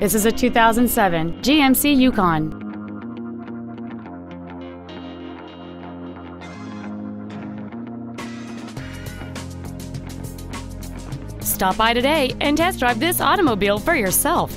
This is a 2007 GMC Yukon. Stop by today and test drive this automobile for yourself.